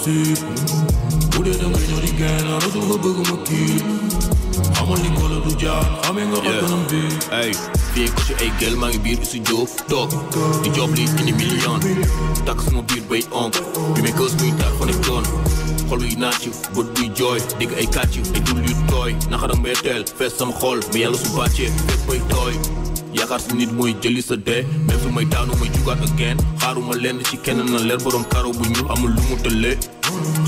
nasip Buraya da kaynar iken aradığı bıgımı kip Hamallik gel, is een dog. Die job ligt in de Tak is mijn bier onk. Wie mijn kus niet daar van ik toon. Gol wie naast je, joy. Dik ik kat je, ik doe je toy. Naga dan meer tel, vest sam gol. Mijn jelle zo'n badje, vet bij toy. Ja, gaat ze niet mooi, jelly ze de. Mensen mij down, om mij you got again. Gaar om she kennen een ler, nu, aan mijn loemoe te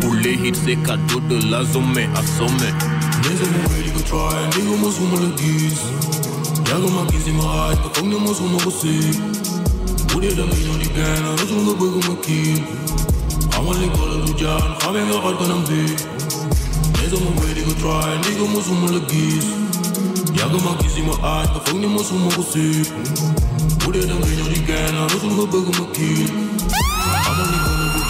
poulet hit c'est cadeau de la somme à sommet Mais je m'en really go try, nigga moi sous mon guise Y'a comme ma guise ma hype, comme moi sous mon rosé Boulet d'un million de gain, un jour me bug ma kill Avant l'école du jan, ramène un rad qu'on en vit Mais je m'en really go try, nigga moi sous mon guise Y'a comme ma guise ma hype, comme moi sous mon rosé Boulet d'un million de gain, un jour me bug ma kill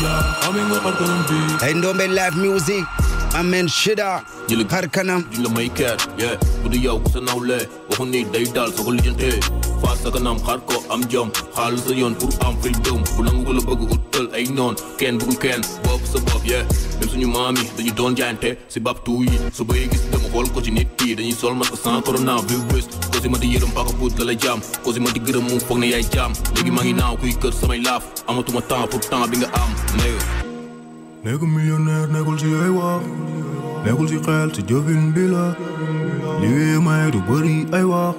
Hey, don't be live music. i My man Shida. Har kanam. Dila may care, yeah. Budu yaw sa nawle. Waxu ni day dal sa ko lijante. Fa sa kanam xar ko am jom. Xal sa yon pour am freedom. Bu la ngula bëgg utal ay non. Ken bu ken bop sa bop, yeah. Dem suñu mami dañu doon jaante si bab tuuy. Su bay gis xool ko ci nit yi dañuy sol masque sans coronavirus ko si ma di yërëm paaka puut la la jam ko si ma di gërëm mu foog ne yaay jaam léegi maa ngi naaw kuy kër samay laaf amatuma temps pour temps bi nga am néega nekku millionnaire nekkul si yooy waa nekkul si xel si jëfin bi la liwee may du bëri ay wax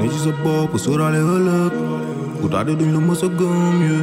ne ci sa bopp sóoraale ëllëg ku taade duñ la mës a gëm yee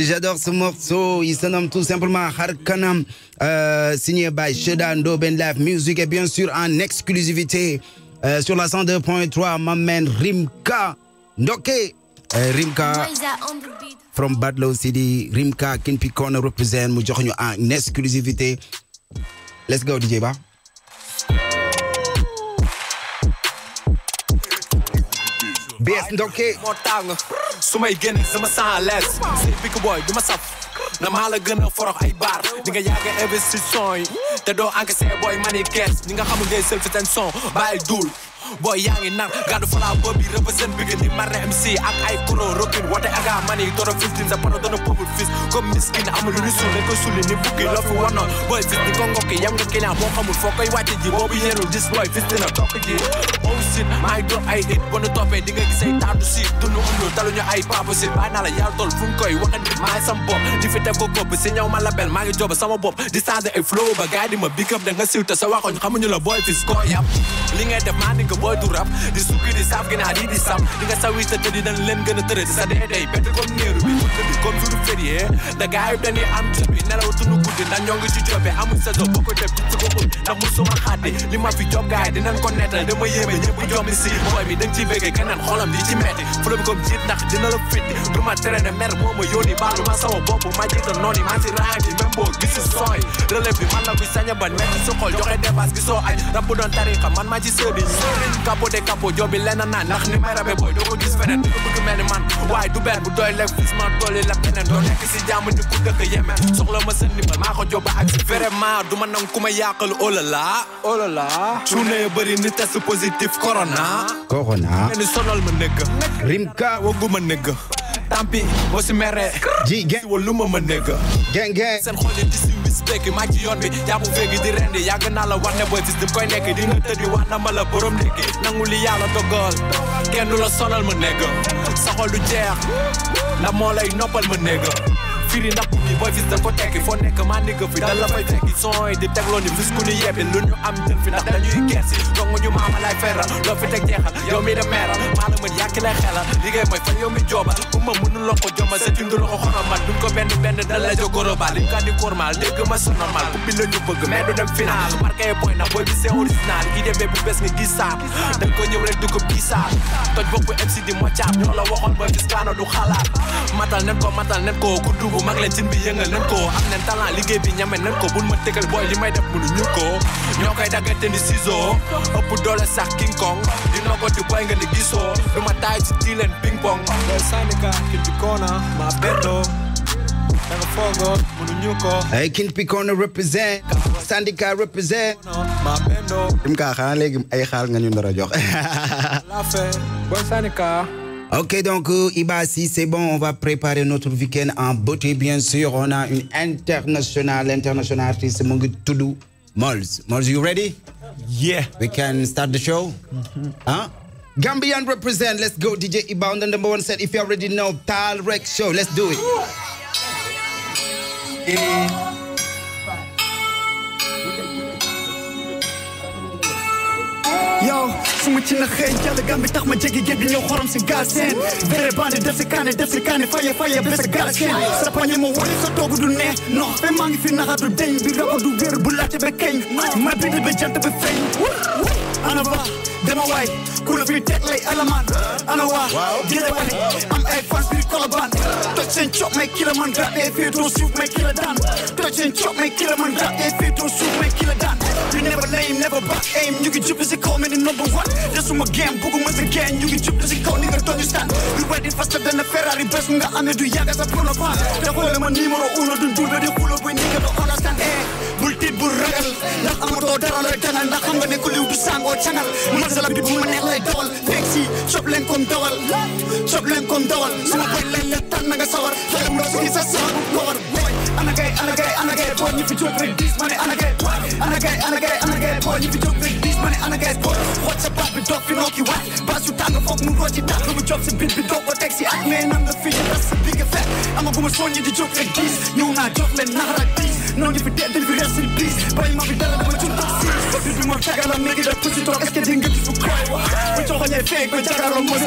j'adore ce morceau, il se nomme tout simplement Harkanam, euh, signé by Shedan Doben Live Music et bien sûr en exclusivité euh, sur la 102.3, m'amène Rimka Ndoke. Euh, Rimka from Badlow City, Rimka Kinpikon représente, nous en exclusivité. Let's go, DJ Bar. bees ndokkee Sumay tàng su may génn sama sans lees boy du ma saf na mala la gën a forox ay bar di nga yàgg investissement yi te doo encaissé booy mani kees ñi nga xamul ngay selfi seen son bàyyi boy yaa ngi nar gàddu fala boobi represent bi ni mare MC ak ay kulo rokin woote aga mani toro fistin sa pano dono pubul fis comme miskin amul lu sul dañ koy sulli ni bukki loo fi wanoon boy fis ni ko ke yam nga kinaa boo xamul foo wati wàcce ji boobu yenul dis boy fis a tokk ji oh shit my ngi I ay hit bonu toppee di nga gis ay taatu si dunu undul taluñu ay papa si bàyyi naa la yàlla tol fu ngi oh, koy waxandi maa sam bopp di fi teg ko góob si ñëw ma label maa ngi joba sama bopp di changé ay flow ba gaay di ma big up da nga siw te sa waxoñ xamuñu la boy fis koo yam li ngay def maa ni que booy du rap di sukki di saaf ginaar yi di sap di nga sawi sa tëddi dañ leen gën a tëre sa dee day bett comme néeru bi bu tëddi comme suñu férié da gaay dañuy am ci bi nelawatuñu guddi ndax ñoo ngi ci jobe amuñ sa do ko def ci ko ëpp ndax mu suma xaddi li ma fi job gaay dinañ ko nettal dama yéeme ñëpp jombi si booy bi dañ ciy béggee keneen xolam di ci metti fula bi comme jiit ndax dina la fitti du ma traîné mer moo ma yónni baalu ma sama bopp a capo de capo joo bi lenn naan ndax ni may rabe booy doo ko gis feneen doo bëgg mel ni man waaye du benn bu doy lekk fis ma doole la peneen doo nekk si jàmm ni ku dëkk yemeen soxla ma seen ndimbal maa ko jobba ak si du ma nangu ku ma yàqal oh là là oh là là suuna yu bëri ni positif corona corona ngeen sonal ma nëgg tampi boo si meree ji gen wa lu ma ma négga gen gen seen xooje di si wis bekk maa ci yoon bi jàpp feegi di rendi yàgg naa la wax na booy bis di koy nekk di nga tëddi wax na ma la borom ndékki nangu li yàlla dogal kenn du la sonal ma négga sa xol du jeex ndax moo lay noppal ma firi ndax ñi booy fis ko tekki foo nekk maa nigga fi dal la teg jeexal yow mi ma mënul la ko joma sa tindu la ko xoromal duñ ko benn benn da la jo gorobal liñ kat di kormal dégg ma su normal ku bi la caab ñoo la waxoon boy fis du xalaat matal nen ko matal nen ko ku dubu mag leen king kong di represent Sandika represent maa beddoo dim kaa xanaa léegi ay xaal nga ñu ndara jox Ok, donc euh, Iba, si c'est bon, on va préparer notre week-end en beauté, bien sûr. On a une internationale, internationale artiste, Mungu Toudou, Mols. Mols, you ready? Yeah. We can start the show? Mm-hmm. Gambian represent, let's go, DJ Iba on the number one set. If you already know, Tal Rex Show, let's do it. yow su ma ci na xëy jàll tax ma jéggi géej bi ñëw xorom si gaal seen béré bandi def si kaane def si kaane faye faye sa gaal seen sa pañe ma wóor sa toogu du neex non fe maa ngi fi naxa du deñ bi rako du wér bu ma bind ba jant ba feeñ ana ba dama waay ku la fi teg lay alamaan ana waa away i am call fans biir Touch and chop, cop kill a man rap shoot, féetoo kill a kila Touch and chop, cop kill a man rap ee shoot, suuf kill a daan you never lame never back aim ñu ngi jub si call me the number one desuma game bëgguma sa gain ñu ngi jub si kaw ni nga toñu you yu bari faster than a Ferrari I'm bés nga amee du yàgga sa prono fan te xoole ma numéro uno du dunda di xulo buy ni nga do understand eh bul tiit bul ragal ndax amatoo a lay tanal ndax xam nga ne ko liw du sangoo canal masala bi bu ma neex lay dawal fekk si sob dawal sob leen comme dawal su ma koy la tar sawar xelam loo si sa sawar kawar booy anagay anagay anagay boo ñu fi jóg dis ma ne anagay anagay anagay fi jóg 너네 하나 guys go What's up up doch wir noch you what Basu tango fuck mu roti da Komm jobs in bit bit doch what taxi at man I'm the fish that's a big effect I'm a boomer son you the joke like this No na joke like na like this No you it dead then we rest in peace Boy my vida da mucho taxi Baby be more tag ala make it up pussy talk es que dinga tu cry We talk on your fake we talk on mo se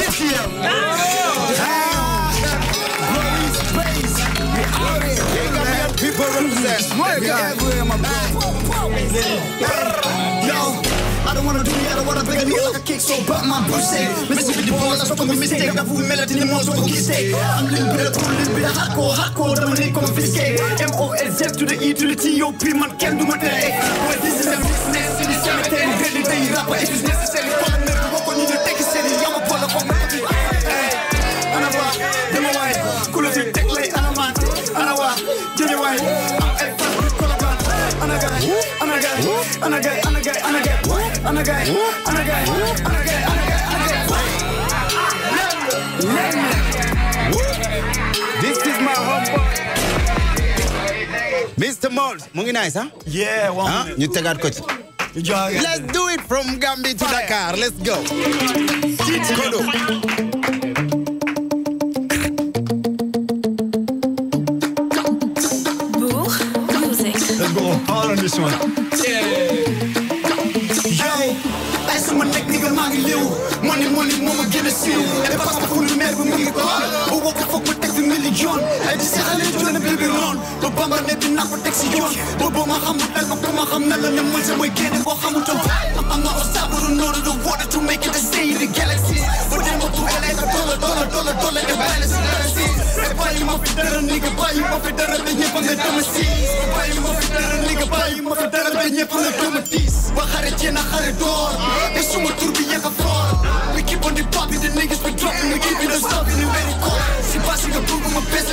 Yeah yeah But represent. Everywhere my back. Yo. I don't wanna do it, I don't wanna beg a nigga like a kick, so but my pussy. Messing with the boys, I fuck with mistake. I fool melody, the more so fuck his day. I'm a little bit of cool, a little bit of hardcore, hardcore, that money confiscate. M O S Z to the E to the T O P, man, can not do my day. Well, this is a business, and it's a matter of daily belly, but it is necessary. on a gay, on a gay, on a gay, on a gay, on a gay, on a gay, on a gay, on a gay. Let me, This is my homeboy. Mr. Moles, mungi nice, huh? Yeah, one huh? minute. You take out coach. Let's do it from Gambia to Fire. Dakar. Let's go. Kodo. on this one. bu bu ma xamul danga bu ma xam na la ne mën samay génne boo xamutoon am na o sabaru noonu the water to make it a stay in the galaxy bu dema bu ele ka dola dola dola dola e bale si dara si e bàyyi ma fi dara nigga bàyyi ma fi dara te ñëpp nga dama si bàyyi ma fi dara nigga bàyyi ma fi dara te ñëpp nga dama tiis ba xare jéem a xare door te suma tur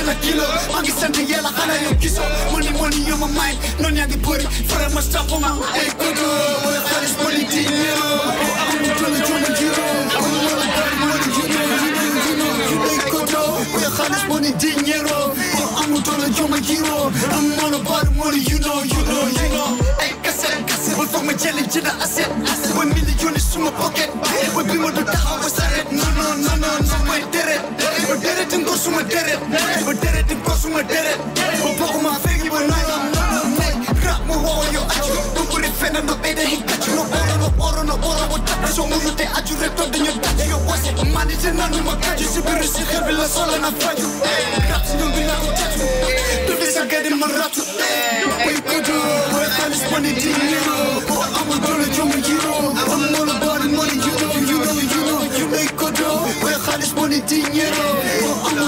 yàlla kilo maa ngi sant yàlla xana yow money money yo ma may noonu yaa ngi bëri faral ma sàppuma ay kodo wala xaalis bëri dinero amuñu jënd jënd jiro amuñu wala bëri money jino jino jino ay kodo wala xaalis bëri dinero amuñu jënd jënd jiro amuñu bëri money you know you know you know ay kaset kaset wala foog ma jëli jënd aset aset wala million suma pocket wala bi ma du taxaw بدرت ندوس ومدرب بدرت نقص ومدرب وفوق ما فيك بنايم Grab me while you're at you. Don't put it fan and the bed he got you. No order, no order, no order. What that is on you, you ripped up your dad. Your boss, a man is an animal. You see, there is a heavy loss and I find you. Grabs you, be like a tattoo. Do this, I get him a rat. We could do it, and it's funny, this money thing, you know you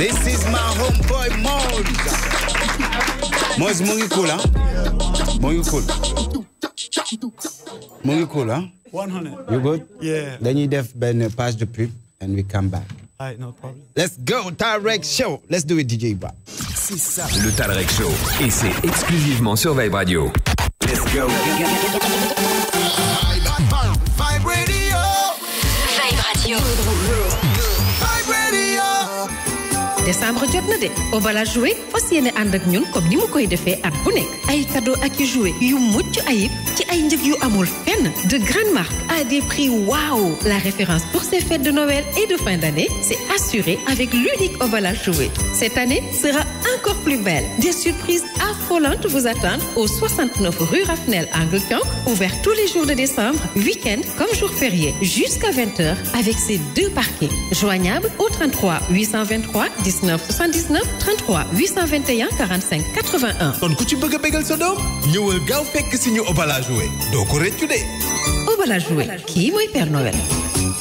This is my homeboy Mons Mons je cool hein. Mon cool 100 hein. you good yeah you def Ben past the pub and we come back All no problem. Let's go, Tarek Show. Let's do it, DJ Bob. C'est ça. Le Tarek Show. Et c'est exclusivement sur Vibe Radio. Let's go. Vibe Radio. Vibe Radio. décembre un na de Obala Jouet fas yéene ànd ak ñun comme ni mu koy défé at bu nek ay cadeau ak jouer. yu mucc ayib ci ay de grandes marques à des prix waouh la référence pour ces fêtes de Noël et de fin d'année c'est assuré avec l'unique Obala jouer. cette année sera encore plus belle des surprises affolantes vous attendent au 69 rue Raffnel Angle ouvert tous les jours de décembre week-end comme jour férié jusqu'à 20h avec ses deux parquets joignable au 33 823 17 79 79 33 821 45 81. Donc, tu ci bëgg ce bégal nous doom faire gaaw fekk si ñu Obala joué doo ko rëccu est Obala Père Noël.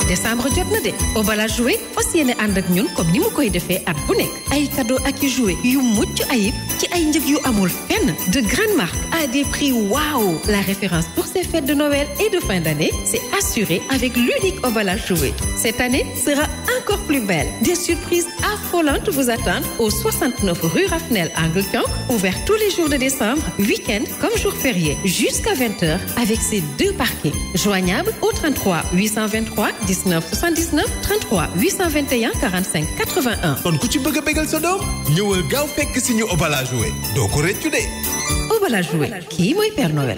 décembre jot na de Obala joué fas yéene ànd ak ñun comme ni mu koy defee at bu nekk ay cadeau ak i joué yu mucc ayib ci ay njëg yu amul fenn de grandes marques à des prix waouh la référence pour ces fêtes de Noël et de fin d'année c'est assuré avec l'unique à joué cette année sera encore plus belle des surprises affolantes vous attendre au 69 rue Raffnel Angleton, ouvert tous les jours de décembre, week-end comme jour férié, jusqu'à 20h avec ses deux parquets. Joignable au 33 823 19 79 33 821 45 81. kon ku ci bëgg Noël.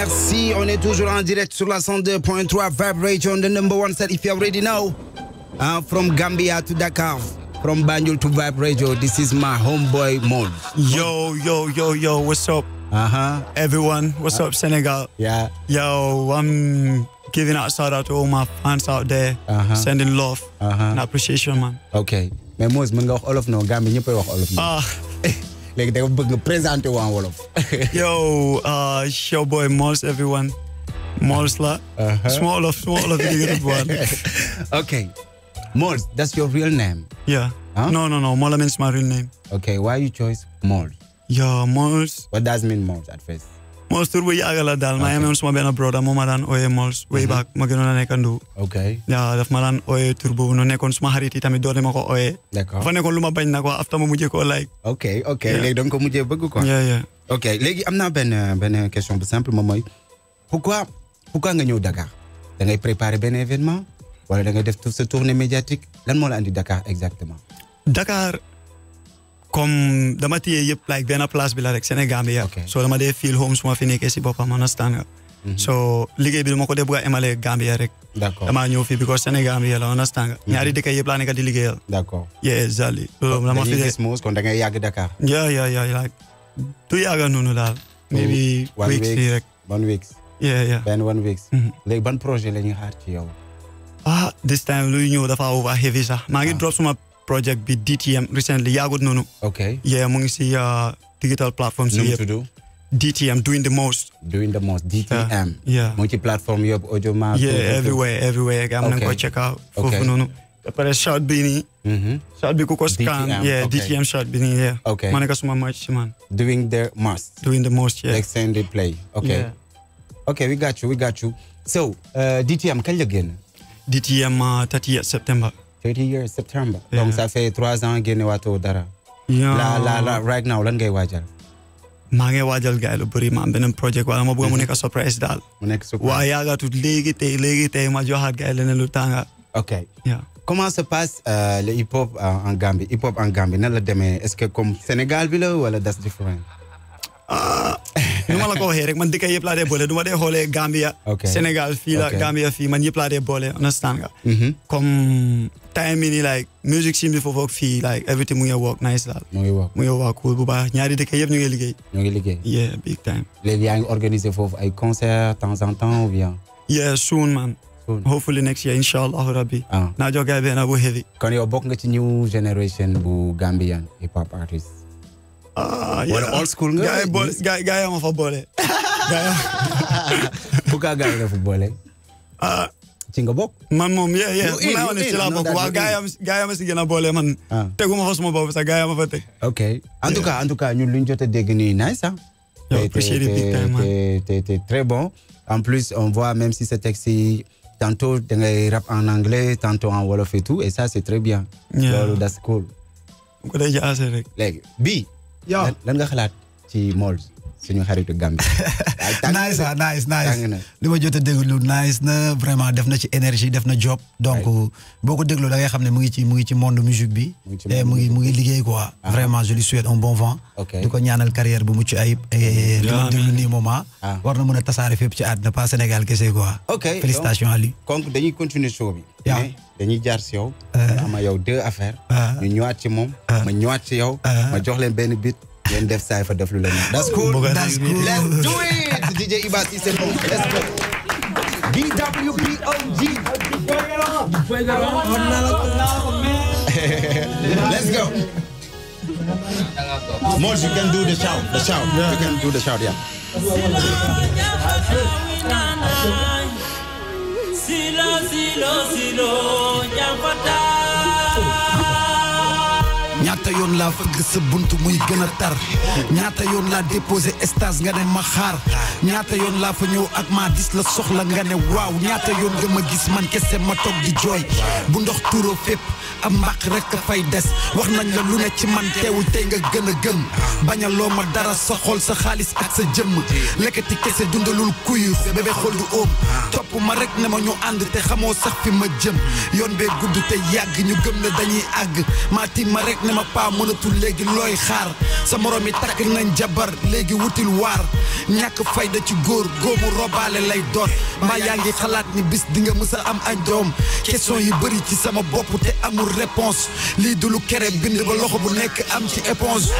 Merci, on est toujours en direct sur la 102.3 Vibration, the number one set if you already know. Uh, from Gambia to Dakar, from Banjul to Vibe Radio, this is my homeboy Mode. Yo, yo, yo, yo, what's up? Uh huh. Everyone, what's uh, up, Senegal? Yeah. Yo, I'm giving out shout out to all my fans out there, uh -huh. sending love uh -huh. and appreciation, man. Okay. Mais Mose, all of no Gambia, you all of no. Ah. Like da nga bëgg nga présenté wu en showboy Mols everyone Mols la. Uh-huh. small of, small Olof yi one. okay Mols that's your real name. yeah huh? no no no Mola means my real name. okay why you choose Mols. yeah Mols. what does mean Mols at first. Mos turbo jagala ya dal, okay. ma jam uns ma bena broda, mo maran oye mos way mhm. back, ma genona ne kan du. Okay. Ja, daf maran oye turbo no ne kon sma hariti tami do ne ma ko oye. D'accord. Fa ne kon luma bañ na ko afta mo mujje ko like. Okay, okay. Yeah. Legi donc ko mujje bëgg ko. Yeah, yeah. Okay, legi amna ben euh, ben euh, question bu simple mama, moy pourquoi pourquoi nga ñew Dakar? Da ngay préparer ben événement wala da def tout se tourne mediatik? Lan mo la andi Dakar exactement? Dakar kom damati ye like bena place la rek senegal be ya okay. so dey feel home suma fini ke si bopa manastan Mm -hmm. so liggéey bi dama ko def emale gambia rek dama ñëw fi because sénégal bi yàlla understand nga ñaari dëkk la laa nekk di liggéeyal d'accord accord yeah exactly loolu dama fi gis moos kon da ngay yag Dakar yeah yeah yeah like du yàgga noonu dal. maybe mm. one weeks rek one weeks yeah yeah ben one weeks mhm. Like ban projet la ñuy xaar ci yow ah this time luy ñëw dafa over heavy sax ma ngi ah. drop suma project bi DTM recently yaagut nono. Okay. yeah mo ngi uh, digital platforms yi yëpp. do? DTM doing the most. doing the most DTM. yeah mu ngi ci plateforme yëpp audio ma. yeah everywhere everywhere am nañu ko check out. nono. noonu. pare shot bi nii. Mm-hmm. shot bi ku ko scan. yeah DTM shot bi ni yeah. okay. ma ne suma match man. doing the most. doing the most yeah. extended play. yeah. Okay, we got you we got you. so uh, DTM kañ la DTM DTM 30 September. 30 years September. Yeah. donc ça fait trois ans génne waatoo dara. la la la right now lan ngay waajal. maa ngi waajal gars yi lu bëri ma am beneen projet wala ma bëgg mu nekk surprise daal. mu nekk surprise waaye yaakaar léegi tey léegi tey ma joxaat gars yi leneen lu tànga. ok comment se passe euh, le hip hop en Gambie hip hop en Gambie nan la demee est-ce que comme Sénégal bi la wala that's different. Ah, nu ma la ko waxee rek man dëkk yëpp laa dee boole du ma dee xoolee Gambia. Sénégal fii la Gambia fii man yëpp laa dee boole understand nga. Mm-hmm. comme. time in like music scene before foofu feel like everything mu ngi work nice daal. mu ngi work mu ngi work cool bu baax ñaari dëkk yëpp ñu ngi liggéey. ñu ngi liggéey. yeah big time. léegi yaa ngi organiser foofu ay concert temps en temps ou bien. yeah soon man. soon hopefully next year incha allahu ah na jox gars benn bu heavy. kon yow bokk nga ci new generation bu Gambian hip hop artist. ah yeah old school nga. gars yi boole gars yi ma fa boole. gars yi. bu kaa gars yi fa boole. ah. ci nga man mom yeah yeah mu naa ne ci laa bokk wa gaa yaam gaa yaam si gën a man teguma fa suma bopp sax gaa fa teg ok en tout cas en tout cas ñun luñ jot dégg ni nice hein, hein. t'es t'es très bon en plus on voit même si ce texte tantôt da ngay rap en anglais tantôt en wolof et tout et ça c'est très bien loolu that's cool ko day jaase rek bi bii lan nga xalat ci Molz suñu xaritu Gambie. nice ah nice nice li ma jot a déglu nice na vraiment def na ci énergie def na job. donc boo ko déglu da ngay xam ne mu ngi ci mu ngi ci monde musique bi. te mu ngi eh, mu ngi liggéey quoi. Ah. vraiment je lui souhaite un bon vent. di ko ñaanal carrière bu mucc ayib. li eh, ma déglu nii moment. Ah. war na mën a tasaare fépp ci àddina pas Sénégal kese quoi. ok félicitations à lui. donc dañuy continuer show bi. dañuy jaar si yow. Euh. ama yow deux affaires. Euh. ñu ñëwaat ci moom. Euh. ma ñëwaat ci yow. ma jox leen benn bit. ngeen def Cypher def lu that's oh, cool that's cool let's do it DJ Iba Cissé let's go. BWPOG. let's go. Mons, you can do the shout, the shout. Yeah. You can do the shout, yeah. Silo, silo, silo, ñaata yoon laa fëgg sa bunt muy gën a tar ñaata yoon laa déposé stage nga ne ma xaar ñaata yoon laa fa ñëw ak maa dis la soxla nga ne waaw ñaata yoon nga ma gis man kese ma toog di jooy bu ndox tuuroo fépp am mbaq rek fay des wax nañ la lu ne ci man teewul tey nga gën a gëm bañaloo ma dara sa xol sa xaalis ak sa jëmm lekkati kese dundalul kuyu bébé xol du óom topp ma rek ne ma ñu ànd te xamoo sax fi ma jëm yoon bee gudd te yàgg ñu gëm ne dañuy àgg maa tiim ma rek ne ma paa mënatul léegi looy xaar sa morom yi takk nañ jabar léegi wutil waar ñàkk fayda ci góor góomu robaale lay doon mbaa yaa ngi xalaat ni bis di nga mës a am ay doom question yu bëri ci sama bopp te amul amul lii du lu kere bind ba loxo bu nekk am ci éponge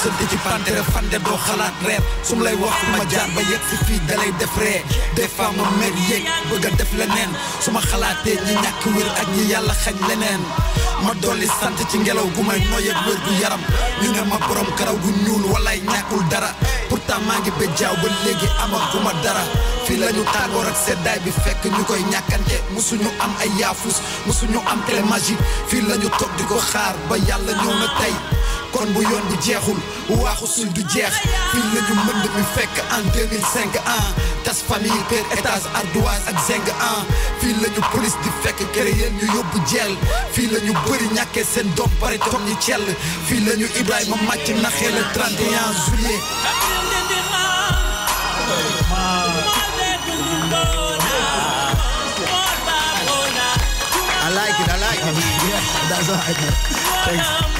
gisante ci pantere fande doo xalaat reer su ma lay wax lu ma jaar ba yegg si fii dalay def ree des fois ma mer yéeg bëgg a def leneen su ma xalaatee ñi ñàkk wér ak ñi yàlla xañ leneen ma dolli sant ci ngelaw gu may noyyeeg wér gu yaram ñu ne ma borom karaw gu ñuul walay ñàkkul dara pourtant maa ngi bejjaaw ba léegi amaguma dara fii la ñu tàngoor ak seddaay bi fekk ñu koy ñàkkante musuñu am ay yaafus musuñu am télé magique fii la ñu toog di ko xaar ba yàlla ñëw na tey kon bu yoon bi jeexul du jeex mënd mi fekk en ah. tas famille étage ardoise ak ah. police di fekk ñu yóbbu jeel bëri ñàkkee seen doom bare ñi Ibrahima màcc naxee le 31 juillet I like it, I like it. Yeah, that's all I Thanks.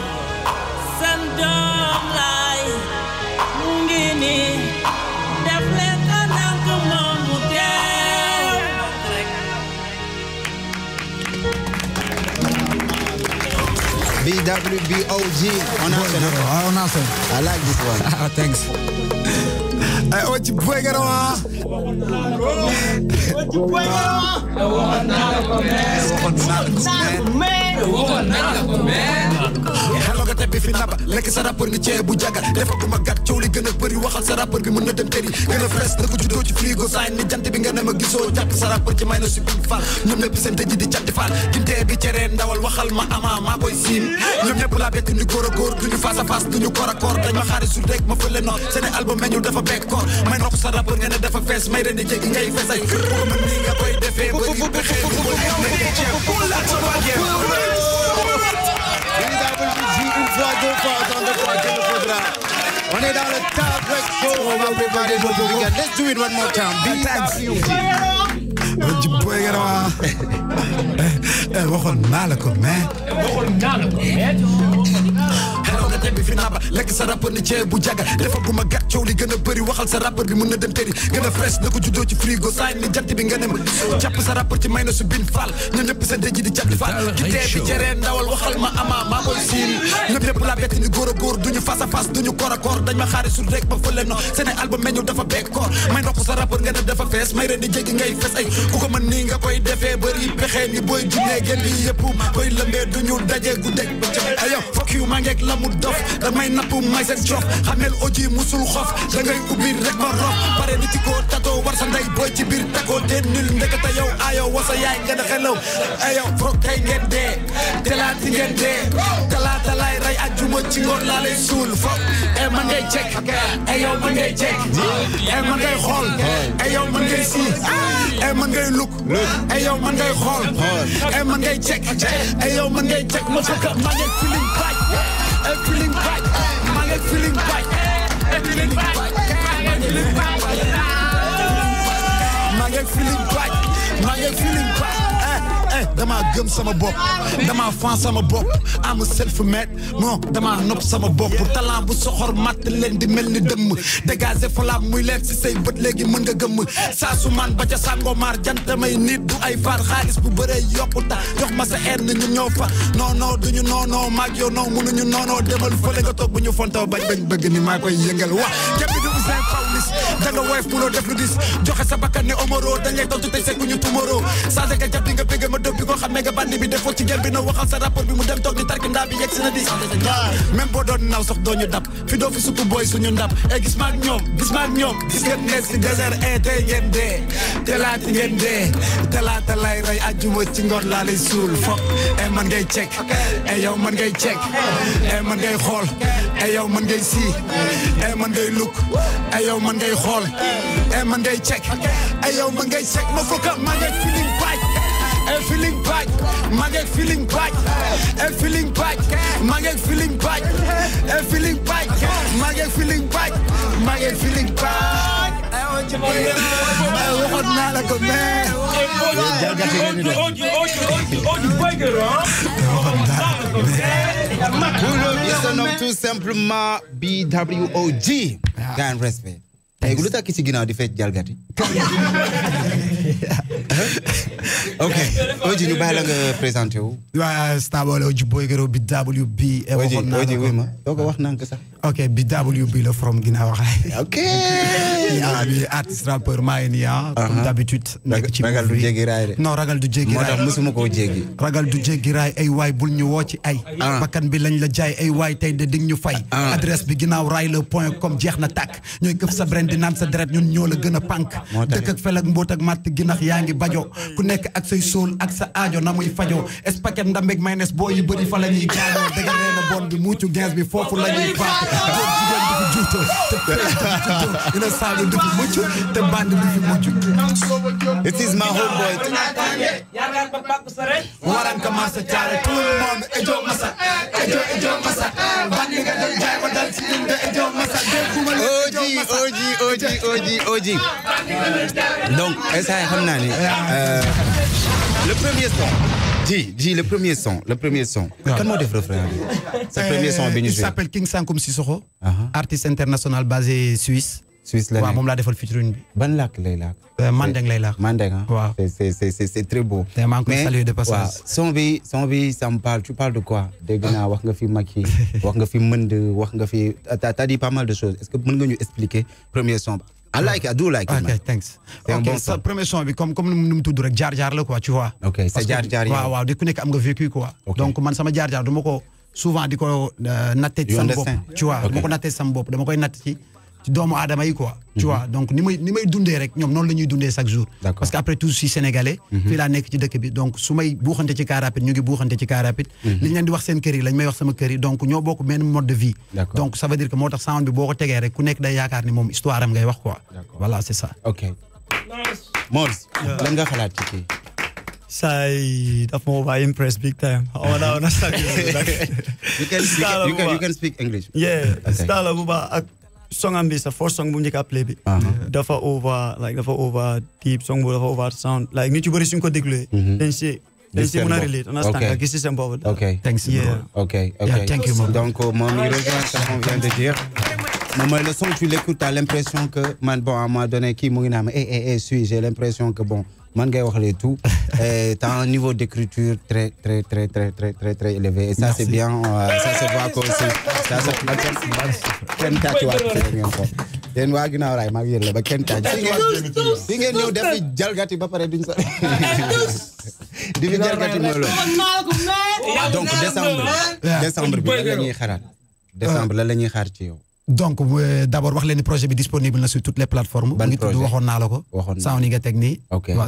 WBOG on Assen. On I like this one. Thanks. Hey, eh, what you boy got on? What you boy got on? What not man? I want man? What man? lekk sa rappeur ceeb bu jaga defa bu ma gàtt coow li gën a bëri waxal sa bi mën na dem tëri gën a fres na juddoo ci frigo saa ni jant bi nga ne ma gisoo jàpp sa ci may na si big fall ñoom ñëpp seen tëji di catti fall gintee bi ceree ndawal waxal ma ama maa koy siim ñoom ñëpp laa bekk ñu góor a góor duñu face à face duñu koor a koor dañ ma xaari rek ma fële noor seen album meñul dafa bekk koor may noq sa nga on the top, let's go. let's do it one more time. Be happy. ji booy nga waa waxoon naa la ko mais. waxoon naa la ko mais. bi fi naba lekk sa rappeur ni ceeb bu jaga defal gu ma li gën a bëri waxal sa rappeur bi mën na dem tëri gën a fresh na ko juddoo ci frigo saa ni jant bi nga nem jàpp sa rappeur ci may na su bin fall ñoom ñëpp sa dëj di jàpp fall ki tee bi jëree ndawal waxal ma ama maa mooy siin ñoom ñëpp la bett ni góor a góor duñu face à face duñu corps à corps dañ ma xaari sul rek ba fële ku ko mën nii nga koy defee bëri pexe ni booy junee gen yi yëpp koy lëmbee du ñu daje gu deg ba fokk yu maa ngeeg la mu dof damay napp may seen jof xamel oji musul xof da ngay ubbi rek ma rof pare ni ci koo tatoo war sa ndey booy ci biir takoo te nil ndekete yow ayo wasa yaay nga da xelaw ayo foog tey ngeen dee talaati ngeen a talaata laay rey ak juma ci ngoon laa lay suul foog e eh, man ngay cek e eh, yow man ngay cek e eh, man ngay xool e yow man ngay sii e man ngay ngay look hey, yo, man ngay xool Hey man check Hey yo, man check ma fekk maa ngi feeling baaj ay feeling baaj my get feeling baaj ay feeling feeling baaj my get feeling bright. feeling dama gëm sama bopp dama fan sama bopp am self-made non dama nopp sama bopp pour talent bu soxor matt leen di mel ni dëmm dégagé falaam muy leer si say bët léegi mën nga gëmm sa su man ba ca sàngo maar jantamay nit du ay faat xaalis bu baree yokku ta jox ma sa air ni ñu ñëw fa non non duñu noonoo maag yow non mënuñu noonoo demal fële nga toog bu ñu fontaw bañ bañ bëgg ni maa koy yëngal wax jëmbi du Ouzin Pawlish da nga woyof pour def lu dis joxe sa boo xamee nga bandi bi defoo ci gel bi no waxal sa rapport bi mu dem toog di tark ndaa bi yegg si na di même boo doon naw sax doo ñu dab fi doo fi supp booy suñu ndab e gis maak ñoom gis maak e eh, eh, man ngay cek e yow man ngay cek e man ngay xool e yow man ngay sii e man man ngay xool e man ngay cek e yow man ngay cek ma fokka maa ngay feeling and feeling back, man get feeling back, and feeling back, man get feeling back, and feeling back, man get feeling back, man get feeling back. وخدنا لك المان Tout simplement BWOG. Gagne respect. Eu lu takk se ginnaaw di fecc jalgati. ok Oji ñu bàyyi la nga présenté wu. waaw Starboy la Oji Boy Gero bi WB. Oji ko wax sax. ok BWB la from ginnaaw xale. ok. ah bi artiste rappeur maa ngi nii ah. comme d'habitude. nekk ci ragal du jéggi raay de. ragal du jéggi raay ay waay bul ñu woo ci ay. Ah. bakkan bi lañ la jaay ay waay tey de dig ñu fay. Ah. adresse bi ginnaaw raay le point com jeex na tàkk. ñooy këf sa bren di naan sa deret ñun ñoo la gën a pànk. moo dëkk ak fel ak mbóot ak matt ginax yaa ngi bajo. ku nekk ak say sóol ak sa aajo na muy fajo espaket ndambeeg maynes boo yu bëri fa la ñuy jaayoo nee na bon bi It is homeboy. donc ça euh, le premier son Dis, dis le premier son, le premier son. Quel mot devrait refrain C'est le premier son euh, Il s'appelle King Sankum Sissoko. Uh-huh. artiste international basé Suisse. Suisse là. Moi, moom laa defal featuring une. ban làkk lay euh, Mandeng lay hein? C'est, Mandeng c'est c'est c'est très beau. Mais un manque de salut de passage. son vie, son vie, ça me parle tu parles de quoi. De naa wax nga fi Macky wax nga fi Mënd wax nga fi t'as dit pas mal de choses est-ce que tu peux nous expliquer premier son I ah. like I do like it. ok thanks. ok premier son bi comme comme nu mu tudd rek jaar jaar la quoi tu vois. ok sa jaar jaar yow waaw waaw di ku nekk am nga vécu quoi. donc man sama jaar jaar du ma ko souvent di ko euh, natte. ci sama bopp tu vois du ma ko natte ci sama bopp dama koy natt ci. ci doomu aadama yi quoi. tu vois mhm. donc ni may ni may dundee rek ñoom noonu la ñuy dundee chaque jour. parce que après tout si sénégalais. Mhm. fii laa nekk ci dëkk bi donc su may buuxante ci car rapide ñu ngi buuxante ci car rapide. Mhm. li ñu leen di wax seen kër yi lañ may wax sama kër yi donc ñoo bokk même mode de vie. donc ça veut dire que moo tax sound bi boo ko tegee rek ku nekk day yaakaar ni moom histoire am ngay wax quoi. voilà c'est ça. ok. Moz lan nga xalaat ci kii. Sai, that's more by impress big time. Oh no, that's not good. you, can, you, can, you can speak English. Yeah, okay. Stala Buba, song am first song play uh-huh. over like over deep song bu over sound like thanks yeah. Okay. thank you donc euh, vient de dire Maman, le son, tu l'écoutes, tu l'impression que, man, bon, à un donné, qui m'a dit, hé, hé, suis, j'ai l'impression que, bon, man ngay wax les tout tu as un niveau d'écriture très très très très très très très élevé et ça c'est bien ça se voit aussi. ça se kenn tàccuwaat ngeen ko yéen waa ginnaaw raay maa ngi yéen la ba kenn tàcc si ngeen ñëw def jalgati ba pare duñ sa di jalgati donc décembre décembre bi la ñuy xaraat décembre la ñuy xaar ci yow donc euh, d'abord wax léni projet bi disponible na sur toutes les plateformes. ban projet waxoon naa la ko. waxoon naa nga teg nii.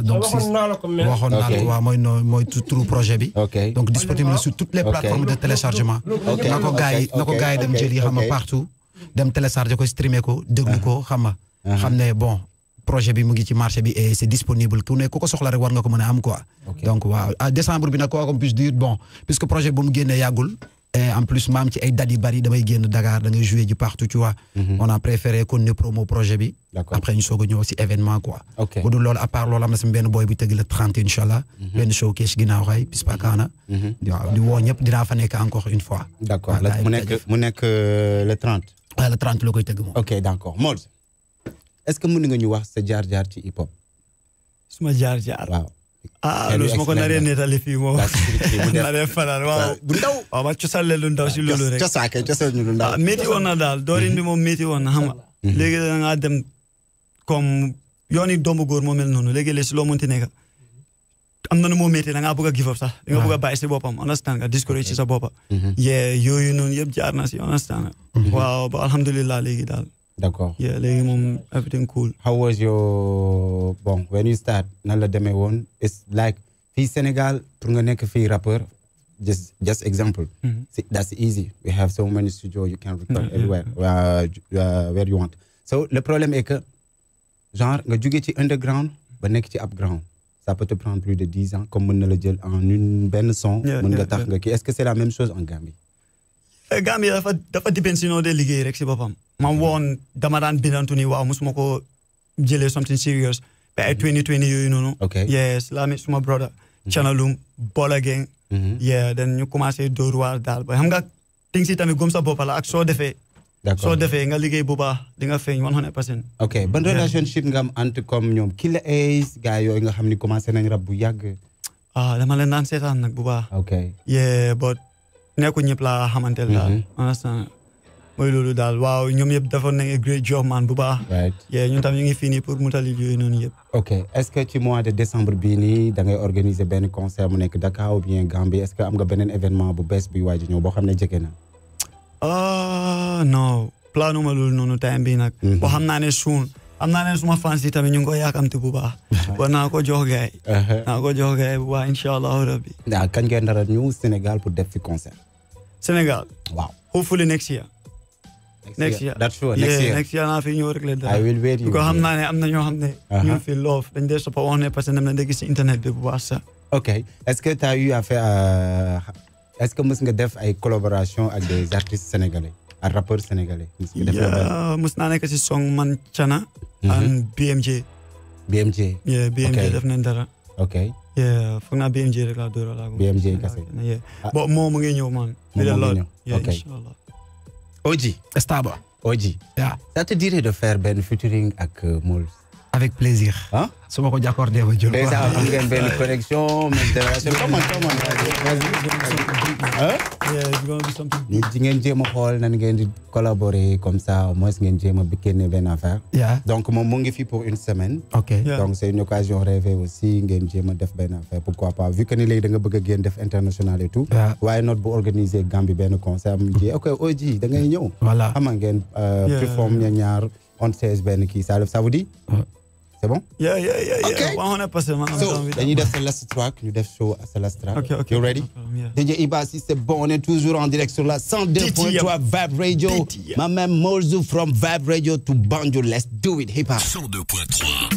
donc waxon ah, waxoon naa la ko mais. waxoon naa la ko waaw tout projet bi. donc disponible sur toutes les plateformes de téléchargement. nako gaay nako gaay yi na yi dem jëli xam nga partout. dem télécharger ko streamer ko déglu ko xama ah. xamné ah. bon projet bi mu ngi ci marché bi et c'est disponible ku ne ku ko soxla rek war nga ko mën am quoi. donc wa à décembre bi nag quoi qu'on puisse dire bon puisque projet bu mu génnee yàggul. Eh, en plus même ci ay dates bari damay génn Dakar da ngay jouer du partout tu vois. Mhm. on a préféré qu'on ne promo projet bi. après une soog a ñëw événement quoi. ok bu dul à part loolu am na sama benn boy bi tëgg la 30 incha allah. Mhm. benn showcase ginnaaw xay bis paakaana. Mhm. waaw di woo ñëpp dinaa fa nekk encore une fois. D'accord. accord mu nekk mu nekk euh, le 30. waaw le 30 la koy tëgg moom. ok d'accord. accord est ce que mën nga ñu wax sa jaar jaar ci hip hop. suma jaar jaar waaw. ah lu ma ko naree nettali fii moom naree fanaan waaw bu ndaw waaw ah, ma cosaan leen lu ndaw si loolu rek cosaan kay cosaan lu ndaw ah, métti woon daal mm-hmm. doorindi moom mm-hmm. moo mel noonu léegi-léeg si loo munti nekk am na nu moo métti da ngaa bëgg a give up nga bëgg a ah. bàyyi si boppam understand nga discourage si sa boppa mm-hmm. yee yooyu noonu yëpp jaar na si understand waaw ba alhamdulilah léegi daal D'accord. Yeah, les moom um, everything cool. How was your bon when you start nan la demee it's like fi Senegal, pour nga nek fi rapper. just just example. Mm-hmm. that's easy we have so many studio. you can record mm-hmm. everywhere uh, uh, where you want. so le problème est que genre nga jugé ci underground ba nek ci upground ça peut te prendre plus de 10 ans comme mën le la jël en une ben son. mën nga tax nga ki. est-ce que c'est la même chose en Gambie. Eh, gambia dafa dafa dépensionné de liggéey rek si boppam man woon dama daan bindantu ni waaw musuma ko jëlee something serious ba ay 2020 mhm. yooyu noonu yes laa mi suma brother mhm. channelum Bola Gang mhm. yeah then ñu commencé dóor waar daal ba xam nga ting si tamit gom sa bopp la ak soo defee soo defee nga liggéey bu baax di nga feeñ 100 percent ok ban relationship nga am ant comme ñoom la Ace gars yooyu nga xam ni commencé nañ rab bu yàgg ah dama leen daan seetaan nag bu baax ok yeah but nekku ñëpp laa xamante ne daal. understand mhm. mooy loolu daal waaw ñoom yëpp defoon nañu great job man bu baax. right ñun tam ñu ngi fii nii pour mutali yooyu noonu yëpp. est ci mois de décembre bii nii da ngay organiser benn concert mu nekk Dakar ou bien est-ce am nga beneen événement bu bees bi waaj a boo xam ne jege na. ah non planuma loolu noonu time bi nag. Mhm. boo xam naa suun. am naa suma fans yi tamit ñu ngi bu ko jox ko jox bu Sénégal pour def fi concert Sénégal hopefully next year next year that's sure next year next year naa fi ñëw I will wait ko uh-huh. que internet bi bu est-ce que tu as eu faire, euh, est-ce que def ay collaboration avec des artistes sénégalais un rappeur sénégalais yeah, mos naa nekk si song man mhm. BMJ BMJ yeah BMJ def nañ dara ok yeah BMJ rek laa BMJ kase yeah ah. bon moo mu ngi ñëw man mi la lool yeah okay. Oji Estaba Oji yeah ça te dirait de faire featuring ak avec plaisir. Hein? suis d'accord avec ba ça, déjà avec vous. connexion même on comment comment. suis d'accord avec vous Je suis nan avec Vous collaborer comme ça au moins Je affaire. donc mon pour une semaine. donc c'est une occasion rêvée aussi vous avez pourquoi pas vu que international et tout. Why not organiser Gambi concert Je suis ok Oji vous Je ñëw. voilà euh, on stage ça vous C'est bon? Yeah, yeah, yeah, yeah. Okay. 100%. So, then you just zijn laatste track. You dat show Let's laatste track. Okay, okay. You ready? DJ je Ibasi, c'est bon. On est toujours en direct sur la 102.3 Vibe Radio. My man Morzu from Vibe Radio to Banjo. Let's do it, hip hop. 102.3.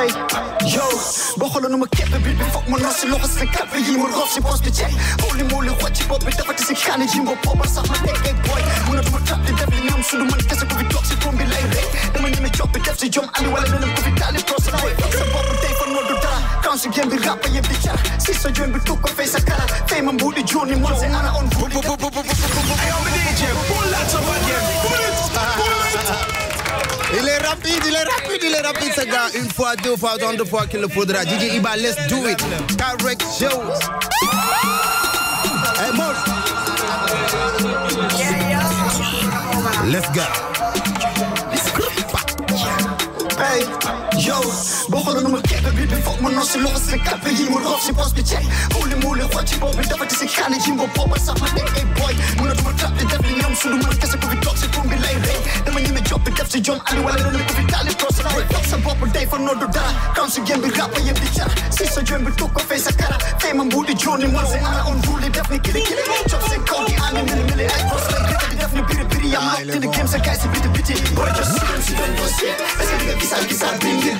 Hey, yo, بخلو نو مكتب بيبي فوق من نص لغة سنكاب في يمر غوصي بوست جاي Holy moly what you bought بتفا تسي خاني جيمبو بوبر صح ما تك تك بوي منا دو مرتب دي دبلي نام سودو من كسا كوفي دوكسي كون بي لاي ريك نما نيمي جوب بدفسي جوم ألي ولا نلم كوفي تالي بروسا بوي سبور بدي فن مودو دارا كونسي جيم بي رابا يم بي جارا سيسا جوين بتوكو فيسا كارا فيما مبودي جوني مونسي أنا on بودي Hey, I'm a DJ, pull that up again, pull it, pull it Il est rapide, il est rapide, il est rapide ce gars. Une fois, deux fois, fois qu'il le faudra. DJ Iba, let's do it. Correct show. Hey, Let's go. Hey shows Beholder nummer kæppe Vi befolk mig når så lov Så kan vi hive råb Sin boss betjek Ole mule rød Til hvor vi der var det sig Herne hjem hvor popper Sammen med den boy Nu når du må klap Det der bliver nem Så du må kasse Kunne vi dog Så kun vi lage reg Når man hjemme job Bedæft til jom Alle alle Når du vil dale Bro så rød Fuck så bop på dag For når du der Kom så hjem Vi rapper hjem Vi tjera Sidst så hjem Vi tuk og face Johnny Mor Så alle on rule Dæft med kille kille Job så kom Vi alle mille mille Alt for slik Dæft med bitte bitte Jeg magte det Gennem så gejse Bitte bitte Bro just sit Sit og se Hvad skal det gøre Kisar kisar Bringe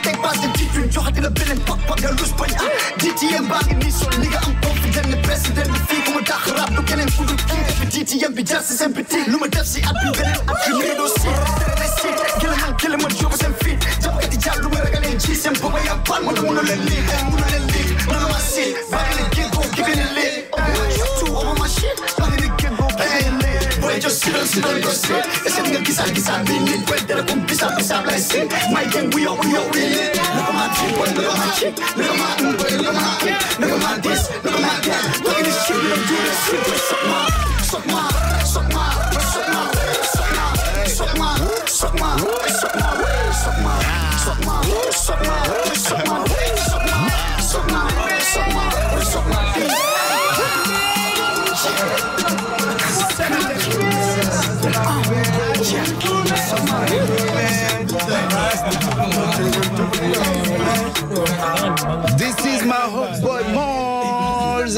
base and teach you and you had in a billion pop pop your loose point DTM bag in this one nigga I'm confident the president the fee come da rap no can and good king the DTM be just as empty no matter si up you gonna up you need to see kill him kill him what you was in feet jump at the jail no matter can cheese and boy I'm palm no one on the lead si nan gose E se mwen ki sa ki sa bini Pwede dere pou bisa bisa blese My gang we yo we yo we lit Look at my team, boy, look at my chick Look at my mm, boy, look at my kick Look at my this, look at my that Look at this shit, we don't do this shit Suck my, suck my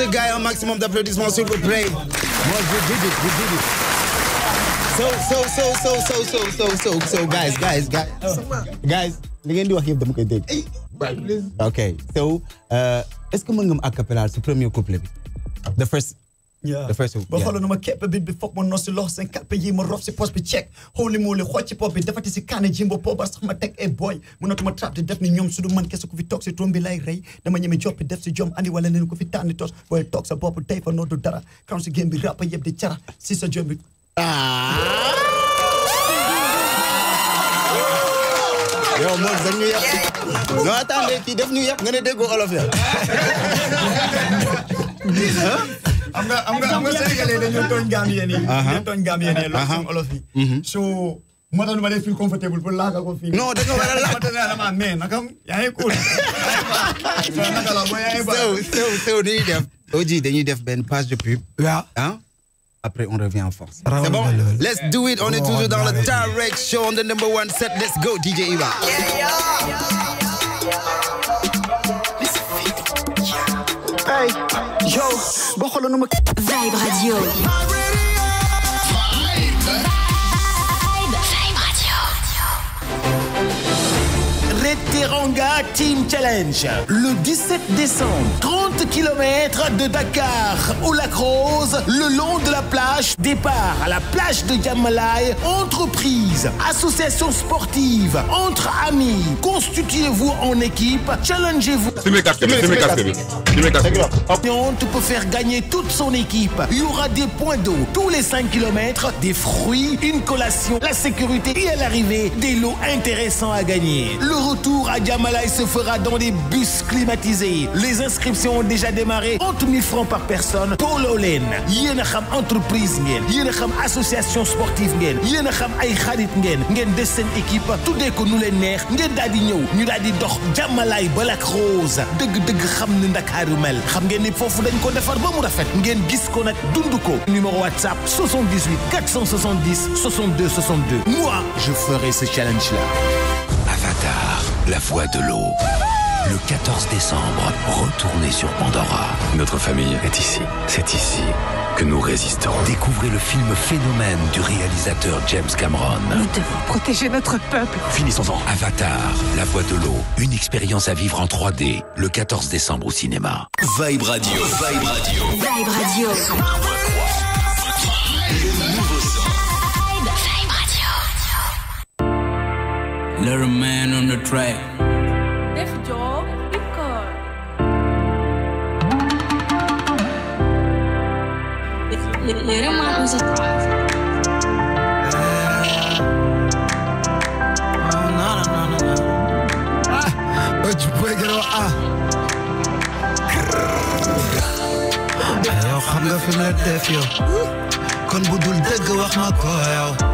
Little guy on maximum d'applaudissements, s'il vous plaît. Moi, did it, we did it. So, so, so, so, so, so, so, so, so, guys, guys, guys. Guys, li ngeen di wax yëpp dama koy Ok, so, uh, est-ce que mën a ma acapella su premier couplet bi? The first the first one. ba xoolal nu ma képp bi bi foog ma nosi lox seen kàpp yi ma rof si poche bi ceek holy moly xool ci bopp bi defati si kaane jimbo poobar sax ma teg e boy mënatuma trap di def ni ñoom sudu man kese ku fi toog si trombi def sa bopp day fa noodu dara kan si game bi ah! ñu yàq nga ne déggoo olof ya I'm nga I'm nga nga sénégalais gambien gambien mhm. so pour non la Après, on revient en force. C'est Let's do it. On est toujours dans le direct show on the number one set. Let's go, DJ Iba. Yeah, yeah, yeah, Vibe Radio. Team Challenge. Le 17 décembre, 30 km de Dakar au Lac Rose, le long de la plage. Départ à la plage de Yamalai. Entreprise, association sportive, entre amis. Constituez-vous en équipe. Challengez-vous. Tu peut faire gagner toute son équipe. Il y aura des points d'eau tous les 5 km, des fruits, une collation, la sécurité et à l'arrivée, des lots intéressants à gagner. Le retour à Radiamalaï se fera dans des bus climatisés. Les inscriptions ont déjà démarré. 30 000 francs par personne. tooloo leen yéen xam entreprise ngeen. yéen xam association sportive ngeen. yéen a xam ay xarit ngeen. des équipe. Tout ko nu leen neex. ngeen daal di ñu daal dox. Rose. dëgg-dëgg xam ni Ndakaaru mel. xam ngeen ni foofu dañ ko ba mu rafet. ngeen gis ko dund ko. numéro WhatsApp 78 470 62 62. moi je ferai ce challenge là. Avatar la voix de l'eau. Le 14 décembre, retournez sur Pandora. Notre famille est ici. C'est ici que nous résistons. Découvrez le film Phénomène du réalisateur James Cameron. Nous devons protéger notre peuple. Finissons-en. Avatar, la voix de l'eau. Une expérience à vivre en 3D. Le 14 décembre au cinéma. Vibe Radio. Vibe Radio. Vibe Radio. Vibe Radio. Little man on the track. Little man was a surprise. But you break it all out. Hey, yo, xam nga fi ma def yow kon bu dul dëgg wax ma ko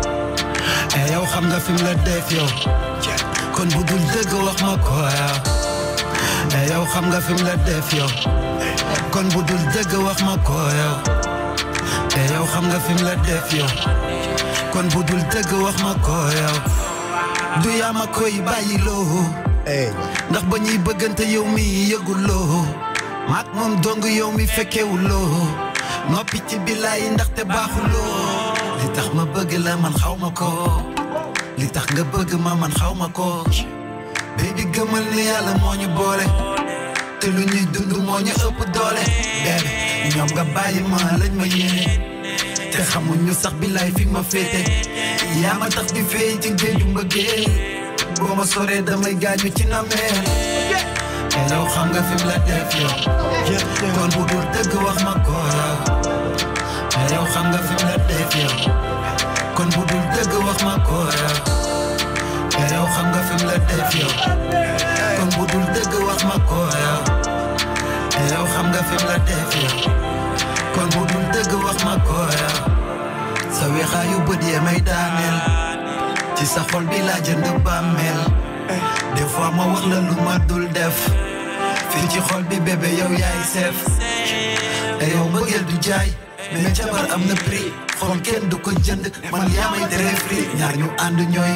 te yow xam nga fi mu la def yow kon bu dul dëgg wax ma ko yow te yow xam nga fi mu la def yow kon bu dul dëgg wax ma ko yow te yow xam nga fi mu la def yow kon bu dul dëgg wax ma ko yow du yaa ma koy bàyyi loo ndax ba ñuy bëggante yow mi yëgul loo maak moom dong yow mi fekkewul loo noppi ci bilaay ndaxte baaxuloo li tax ma bëgg la man xaw ma ko li tax nga bëgg ma man xaw ma ko baby gëmal ni yàlla moo ñu boole te lu ñuy dund moo ñu ëpp doole baby ñoom nga bàyyi ma lañ ma yéene te xamuñu sax bi lay fi ma féete yaa ma tax di feey ci géeju mbëggee boo ma soree damay gaañu ci nameel yow xam nga fi mu la def yow kon bu dul dëgg wax ma ko yow xam nga fi mu la kon bu dul dëgg wax ma ko yow te xam nga la def kon bu dul dëgg wax ma ko sa weexaayu bët yee may daaneel ci sa xol bi laa jënd bàmmeel des wax la lu dul def fii ci xol bi bébé yow yaay seef te yow mbëggeel du jaay mais jabar am na prix xool kenn du ko jënd man andu may tere free ñaar ñu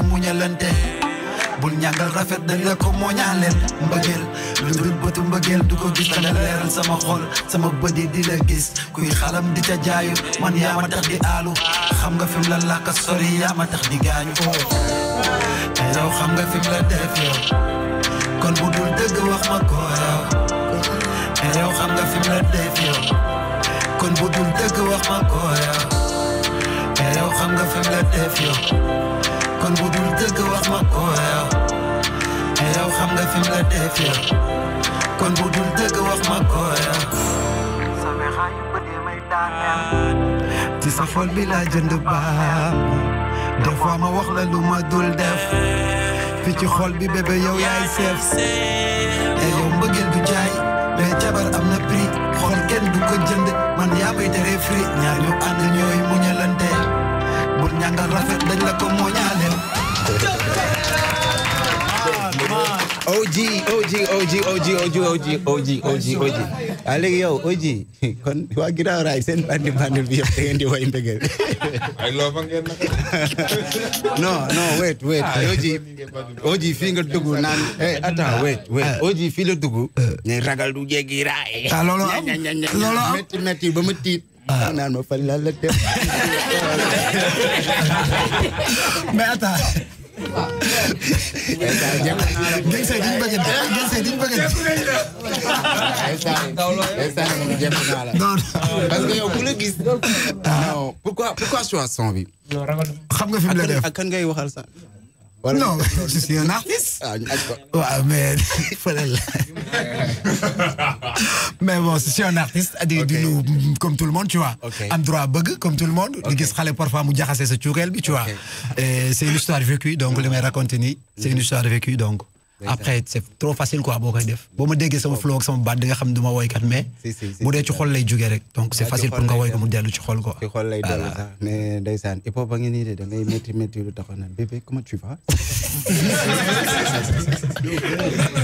muñalante bul rafet dan la ko mooñaaleel mbëggeel lu dul bëtu mbëggeel du ko gis sama xol sama bët di la gis kuy xalam di ca jaayu man ma tax di alu, xam nga fim la làkk sori yaa ma tax di gaañu te yow xam nga fim la def yow kon bu dul dëgg wax ma ko yow yow xam nga fim la def yow kon bu dul dëgg wax ma ko yow te yow xam nga fi nga def yow kon bu dul dëgg wax ma ko yow te yow xam nga fi nga def yow kon bu dul dëgg wax ma ko yow sama xayu bëdee may daaneel ci sa xol bi laa jënd baam des fois ma wax la lu ma dul def fi ci xol bi bébé yow yaay seef te yow mbëggeel du jaay mais jabar am na prix xol kenn du ko jënd yaa bay tere firi ñaar ñu ànd ñooy muñalante bul ñàngal rafet dañ la ko mooñaaleel OG, OG, OG, OG, OG, OG, OG, OG, OG. Alek yo, OG. Kon wa gira ora sen bandi bandi bi yo tegen di wa imbegel. I love again. No, no, wait, wait. Ah, OG. OG finger tugu nan. Eh, ata, wait, wait. Eh. OG filo tugu, eh. Ne ragal du je gira. Ta lolo. Lolo. Metti metti ba metti. Naan ma falal la te. gerte gi ñu bëgg a def gerte gi ñu bëgg a def. non parce que yow ku la gis. pourquoi pourquoi chanson bi. xam nga fi mu la def ak kan ngay waxal sax. Non, je suis un artiste. Ah, ouais, mais, mais bon, je suis un artiste, du comme tout le monde, tu vois. Okay. Un droit à bug, comme tout le monde. Okay. Les parfois, tu vois. C'est une histoire vécue, donc, mm -hmm. les raconter, c'est une mhm. histoire vécue, donc après c'est trop facile quoi bokay def boo ma déggee sama flow ak sama bad nga xam duma woy kat mais bu dé ci xol lay jógee rek donc c'est facile pour nga woy ko mu dellu ci xol quoi ci xol lay dellu sax mais ndaysan hip hop ba ngeen nii de da ngay metti metti lu taxoon bébé comment tu vas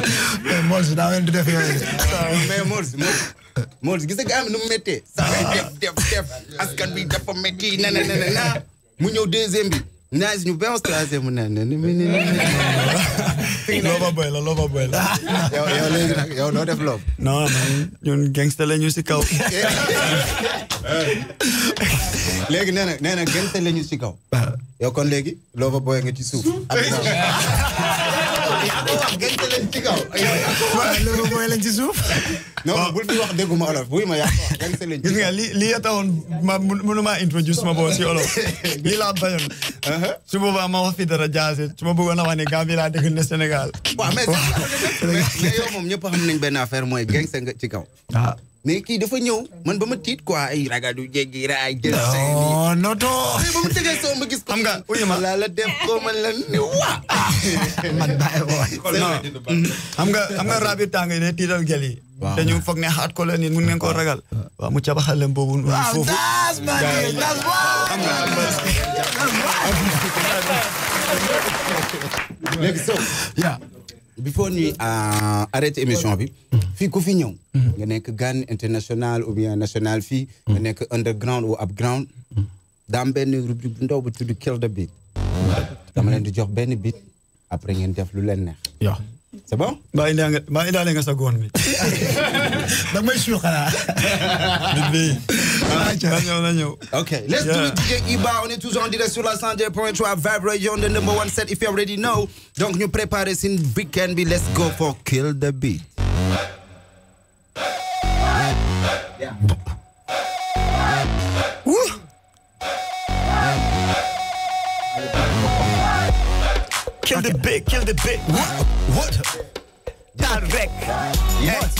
Mors daa mel di def yooyu mais Mors Mors gis nga am nu metti méttee sa def def def askan bi dafa métti na na na na mu ñëw deuxième bi naaj ñu benn troisième mu ne ne ne looba boy la looba boy la. yow yow léegi loo def loob. non man ñun gangster la ñu si kaw. Eh. léegi nee na nee na gangster la ñu si kaw. Ah. yow kon léegi looba boy nga ci suuf. yaa ko wax gën leen leen ci suuf. non wax dégguma olof buy ma yaa ko wax gën leen ci kaw. gis li li ya taxoon ma mënu maa introduce ma boobu si olof lii laa bañoon. Uh-huh. su boobaa ma wax fi dara jaase su ma bëggoon a wax ne Gambie laa dégg ne Sénégal. waaw mais mais yow moom ñëpp xam nañ benn affaire mooy gën ci kaw. Ah. mais kii dafa ñëw man ba ma tiit quoi ay ragal du jéggi raay jël non non ma gis. xam nga la def ko man la ni wa. man bàyyi waay. xam nga xam nga rabi tàng ne tiital gel yi. waaw ñu foog ne xaat ko la nit mun ngeen koo ragal. waaw mu cabaxal leen boobu. waaw Avant nous uh, ñuy arrêter émission bi fii ku fi ñëw nga nekk gan international ou bien national fii nga nekk underground ou upground Dans benn rubrique bu ndaw bu tudd kill de beat dama leen di jox benn beat après ngeen def lu leen neex C'est bon Ma ina lenga sa gonmi. Da mai shu khala. Bidbi. Nanyo Okay, let's yeah. do it DJ Iba, on est toujours en direct sur la 102.3 Vibe Radio, the number one set if you already know. Donc nous préparons une weekend, let's go for Kill the Beat. Kill okay. the beat, kill the beat. What? What? Direct. Yes.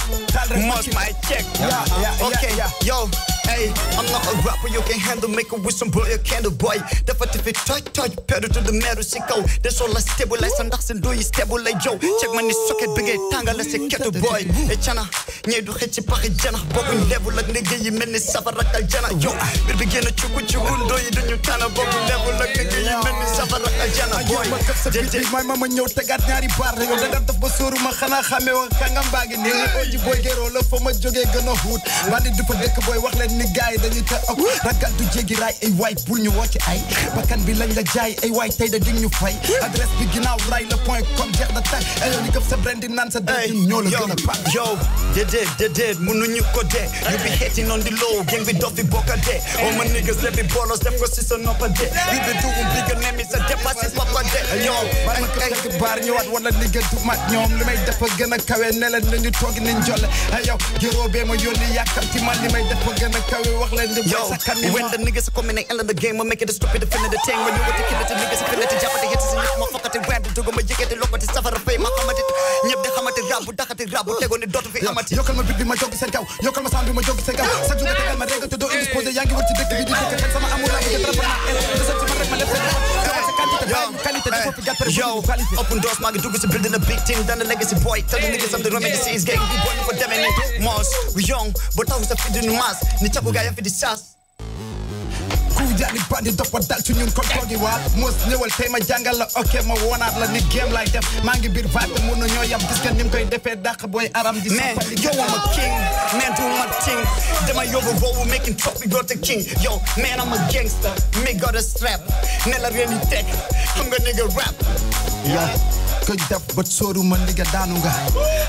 Must my check. Yeah, yeah, okay. yeah. Yo. Hey, I'm not a rapper you can handle. Make a whistle, blow your candle, boy. Dapat if it tight, tight, pedal to the metal, sicko. That's all I stabilize, and that's and do you stabilize, yo. Check my new socket, big tanga, let's a kettle, boy. Hey, chana, nye do hit you pari jana. Bobin level like nigga, you men is savaraka jana, yo. We begin a chuku chukundo, you do your tana, bobin level like nigga, you men is savaraka jana, boy. My mama nyota got nyari bar, yo. Dadat the bosuru, mahana, hame, kangam bagin. Oji boy, get all up for my joge, gonna hoot. Bandit, do for dick boy, walk like ni gaay dañu te ok oh, ragal du jéggi raay ay waay pour ñu woo ci ay bakkan bi lañ la jaay ay waay tey da dig ñu fay adresse bi ginnaaw raay la point com jeex na tàkk ayoo li këf sa brandi naan sa dëkk ñoo la gën a yo yo déedéet déedéet mënuñu ko dee you be hating on the low gang bi dof bi bokka dee all my niggas let me bolos def ko si sa noppa dee we be doing bigger name is a dépassi papa ñoom man ay xibaar ñëwaat wala liggéey du mat ñoom li may def gën a kawe ne leen nañu toog nañ jolle yow yoroo bee ma yónni yàkkal ci man li may def gën kawe wax leen di yo when the niggas are coming and the game I make it stupid defend the thing when you want to kill it niggas defend it jàppate hit si nit ma fokkati wend dugg ma yëkkati lokkati safara fay ma xamati ñëpp di xamati rabu daxati rabu tegoon ni dootu fi amati yokkal ma bit bi ma jóg seen kaw yokkal ma saan bi ma jóg seen kaw sa jóg tegal ma rega te doo indisposé yaa ngi wër ci dëkk bi di dëkk sama amour laa ngi my Yo, open doors, my dude is building a big team, done a legacy boy. Tell the niggas I'm the legacy is getting big one for them and it We young, but I was a feeding mass. Nichabu guy I'm for the sass yani bandi dafa dal ci ñun ko doogi waat mos ñëwal tey ma jàngal la ok ma woonaat la ni game lay def maa ngi vibe te mënu ñoo yam gis nga koy defee dàq booy aram di mais yow ma king man do my thing. ting dama yóbbu boobu making top yo te king yo man I'm a gangster me got a strap ne la réew yi teg xam nga nigga rap yeah Koy def ba soru man ndigga daanu nga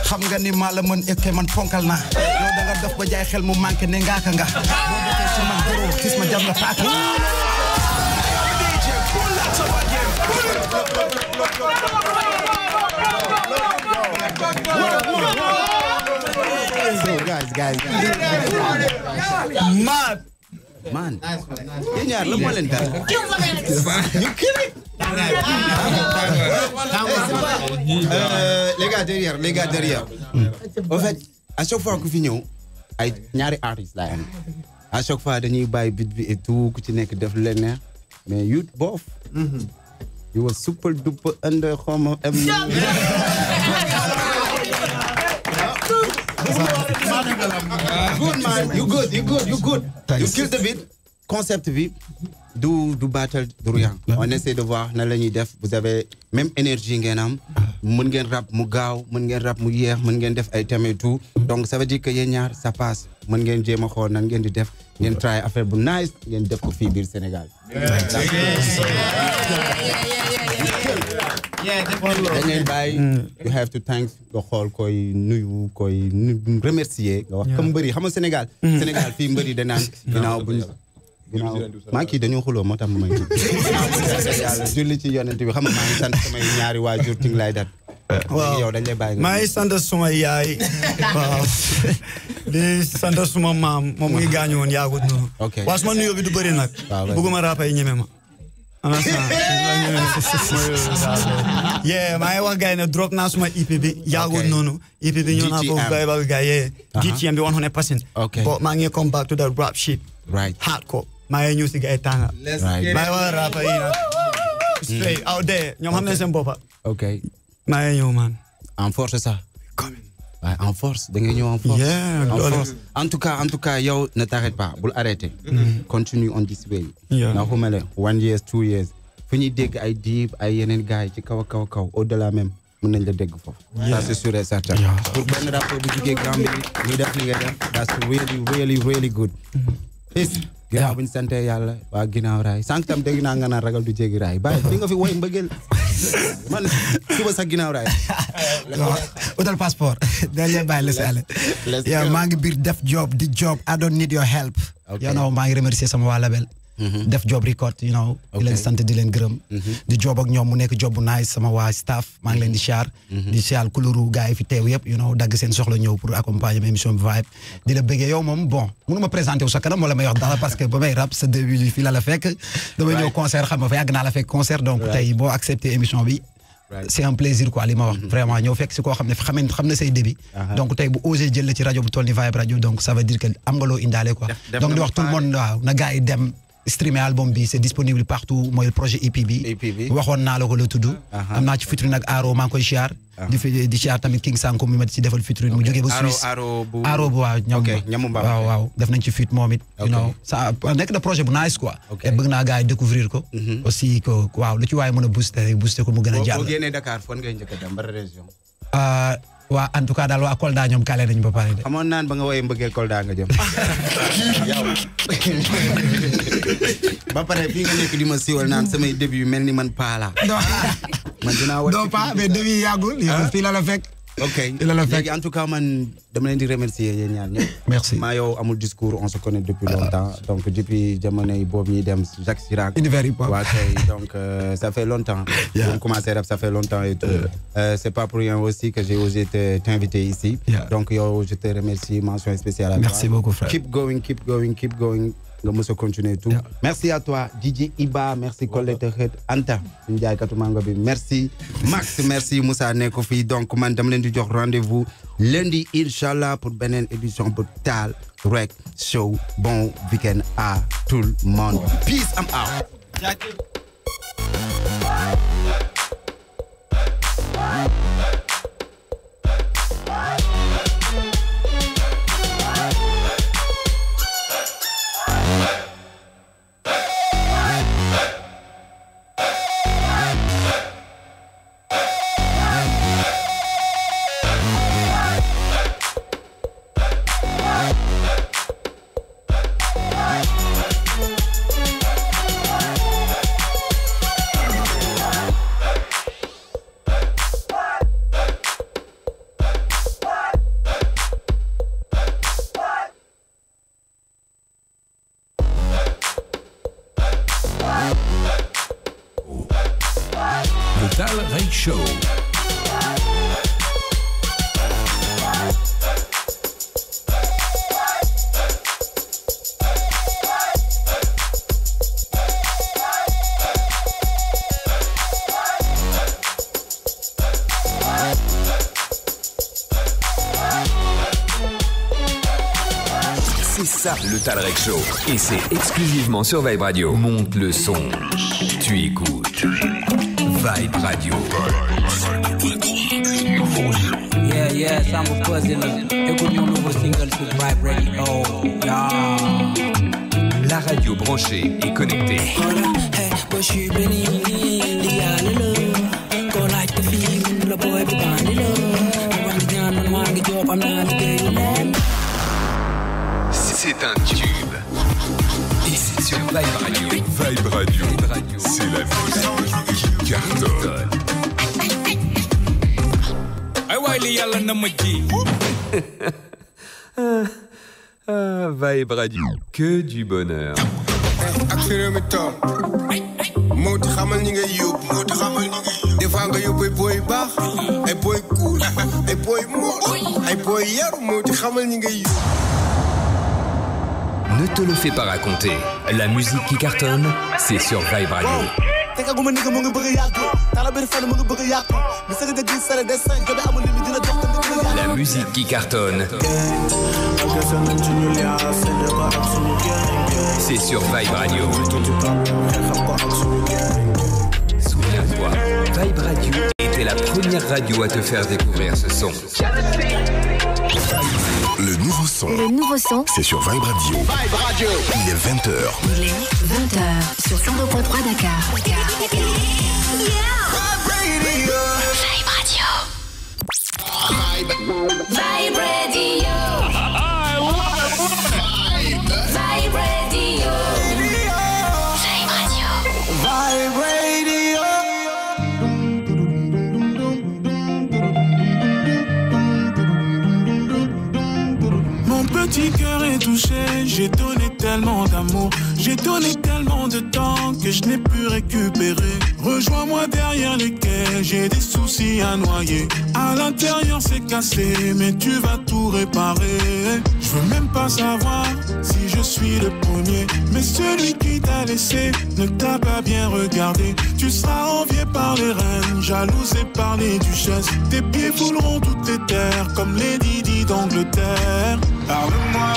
xam nga ni maa la mën man ponkal naa Yo da nga def ba jaay xel mu manqué ne ngaaka nga boo defee sama goro gis guys, guys, guys. Mad. Man. Yéen ñaar lan moo leen dal. ñu kiri. les gars derrière les gars derrière. en fait à chaque fois ku fi ñëw ay ñaari artistes laay am. à chaque fois dañuy bàyyi bit bi et tout ku ci nekk def lu leen neex mais youth boof. you were super duper under xawma am. good man you good you good you good. you killed the beat. concept bi du du battle du on essaie de voir na def vous avez même énergie ngénam mën rap mu gaaw mën rap mu yéx mën def ay tout donc ça veut dire que ñaar ça passe mën nan di def ngén try affaire bu nice def ko Sénégal mm. you have to thank nga koy nuyu koy remercier comme Sénégal Sénégal ginnaaw maa ngi kii dañoo xuloo moo tax ma may julli ci yonent bi xam nga maa ngi sant samay ñaari waajur ci laay dat waaw yow dañ lay bàyyi maa ngi sant suma yaay waaw di sant suma maam moom mu ngi gaañu woon yaagut noonu waaw suma nuyoo bi du bëri nag bëgguma raapay ñeme ma yeah maa ngi wax gars ne drop naa suma EP bi yaagut noonu EP bi ñëw naa foofu gars yi ba gars yi uh-huh. DTM bi 100 percent but maa ngi come back to the rap shit right hardcore my music e tanga. Let's right. get it. My rapper ina. Straight out there. Nyom hamne sen bopa. Okay. My new man. En force ça. Come in. Ouais, en force, dengue nyo en force. Yeah, en force. En tout cas, en tout cas, yo ne t'arrête pas. Boul arrêter. Mm. Mm-hmm. Continue on this way. Yeah. Na humele eh, one years, two years. Fini ñuy I deep I yeneen guy. yi ci kaw kaw kaw mën nañ la dégg foofu. ça c'est sûr et certain. pour benn rapport bu jugee Gambie ñu def li nga def. that's really really really good. Mm-hmm. Peace. ginnaaw bu ñu sante yàlla waa ginaaw raay sànq tam dégg naa nga naan ragal du jéggi raay bàyyi fi nga fi woy mbëggeel man suba sax ginnaaw raay. utal passeport. dañ leen bàyyi les ale. maa ngi biir def job di job I don't need your help. yow maa ngi remercier sama waa label. Mm-hmm. def job record you know di leen sant di leen gërëm mm-hmm. di job ak ñoom mu nekk job bu nice sama waa staff maa ngi leen di mm-hmm. siyaar di siyaar kuluru gars yi fi teew yëpp you know dagg seen soxla ñëw pour accompagner ma émission vibe di la bëggee yow moom bon mënu ma présenter wu sa kanam wala may wax dara parce que ba may rap sa début du fii la la fekk damay ñëw concert xam nga fa yàgg naa la fekk concert donc tey boo accepté émission bi c'est un plaisir quoi li ma wax vraiment ñëw fekk si koo xam ne xamee xam na say début, uh-huh. donc tey bu osé jël la ci rajo bu toll ni Vibe radio donc ça veut dire que am nga loo indaale quoi donc di wax tout le monde waaw na gars yi dem streamer album bi c'est disponible partout mooy projet EP e bi waxoon naa la ko la tudd am naa ci featuring ak Aro maa ngi koy siyaar di fi di tamit King Sanko mi ma ci defal featuring mu jógee ba Suisse Aro bu waaw def nañ ci feat moom it you know nekk na projet bu nice quoi et bëgg naa gars yi ko mhm. aussi que waaw lu ci waaye mën a booster booster ko mu gën a jàll waa en tout cas daal waa Kolda ñoom kaale nañu ba pare de. amoon naan ba nga woowee mbëggeel Kolda ba pare fii nga nekk di ma siiwal naan samay début yu mel ni man paa laa. doo paa mais début yi yàggul. yow fii la la fekk. ok en tout cas je te remercie. remercier merci Mayo yow amul discours on se connaît depuis ah. longtemps donc depuis jamonoy boobu ñuy dem Jacques Chirac. univers donc euh, ça fait longtemps. commence commencé rap ça fait longtemps et tout. Euh. Euh, c'est pas pour rien aussi que j'ai osé t'inviter ici. donc yo, je te remercie mention spéciale à toi. merci beaucoup frère. keep going keep going keep going nga mos continuer tout merci à toi Djidji Iba merci Colette Red Anta suñu jaaykatu bi merci Max merci Moussa Neko fi donc man dama len di jox rendez-vous lundi incha pour benen édition bu taal rek show bon week-end à tout le monde peace am out Talrec Show. Et c'est exclusivement sur Vibe Radio. Monte le son. Tu écoutes. Vibe Radio. Yeah, yeah, ça me puzzle. Écoute mon nouveau single sur Vibe Radio. Yeah. La radio branchée et connectée. hey, ah que du bonheur. Ne te le fais pas raconter. La musique qui cartonne, c'est sur Vibe Radio tegaguma nigga mu ngi bëgg a tala bir fan mu ngi bëgg a yàgg bi sëgg de gis sare dessin jobe amul limite dina dox tamit dina yàgg la musique qui cartonne c'est sur Vibe Radio souviens-toi Vibe Radio était la première radio à te faire découvrir ce son le nouveau son. C'est sur Vibe Radio. Radio. Il est 20h. Il est 20h sur 102.3 Dakar. J'ai donné tellement d'amour, j'ai donné tellement de temps que je n'ai pu récupérer. Rejoins-moi derrière les quais, j'ai des soucis à noyer. À l'intérieur c'est cassé, mais tu vas tout réparer. Je veux même pas savoir si je suis le premier, mais celui qui t'a laissé ne t'a pas bien regardé. Tu seras envié par les reines, jalousé par les duchesses. Tes pieds fouleront toutes tes terres comme les Didi d'Angleterre. Parle-moi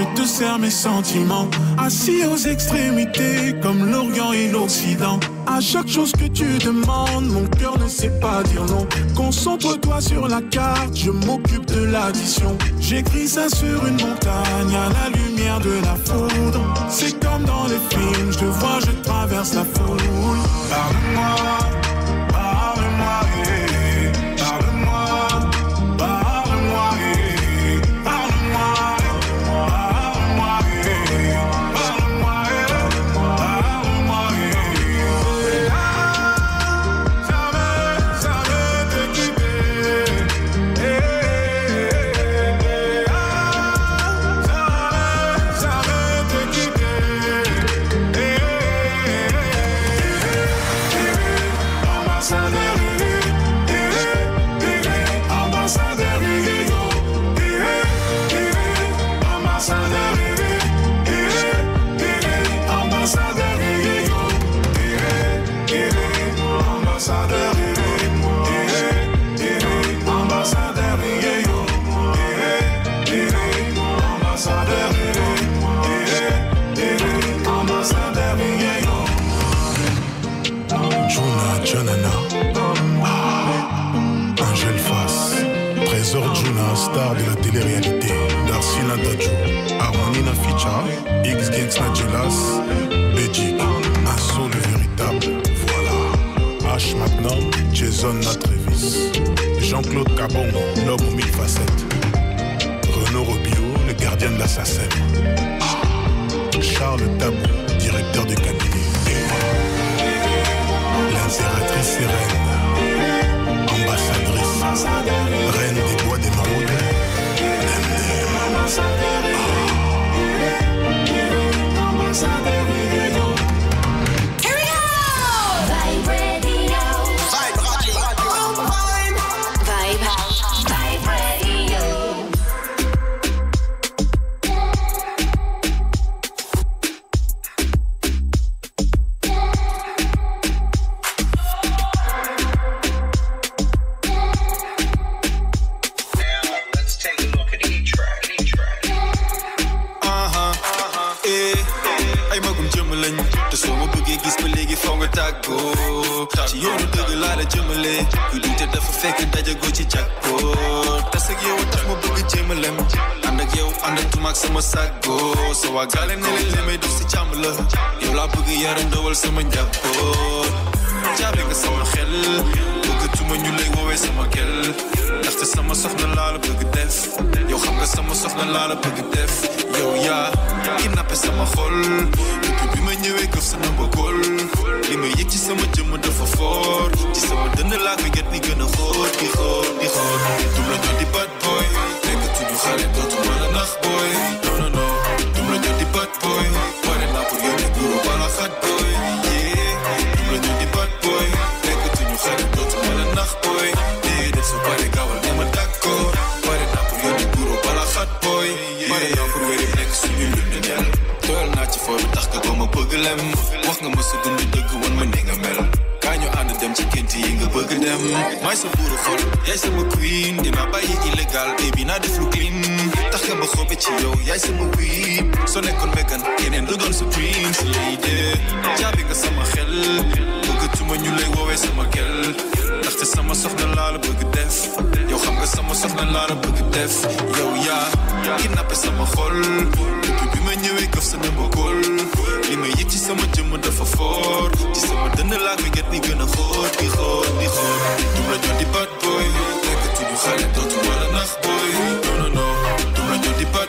je te sers mes sentiments. Assis aux extrémités, comme l'Orient et l'Occident. À chaque chose que tu demandes, mon cœur ne sait pas dire non. Concentre-toi sur la carte, je m'occupe de l'addition. J'écris ça sur une montagne, à la lumière de la foudre. C'est comme dans les films, je te vois, je traverse la foule. Parle-moi. X X Gangs Nagelas, un saut le véritable, voilà. H maintenant, Jason Natrevis, Jean-Claude Cabon, l'homme aux mille facettes. Renaud Robio, le gardien de la SACEM. Charles Tabou, directeur de cabinet. L'insératrice sereine, ambassadrice, reine des bois des maraudes. so zo boerenvol, i zijn my queen. In mijn baie illegal, baby, not de vloek clean. Dag heb ik met so jij zijn mijn queen. Zo nek on Megan, geen en Supreme. Ze leiden, ja, ik is hell, mijn gel. Ook het toen mijn jullie wou, is aan mijn gel. Dacht is aan mijn zocht def. Yo, ga me samen zocht naar lade, bugge def. Yo, ja, kidnap is aan mijn gol. Ik heb je mijn Li ma yëg ci sama jëmm dafa fort ci so dënn laa koy get ni gën a xóot di xóot bad boy nekk tudd xale dootu wala nax boy non non non dum bad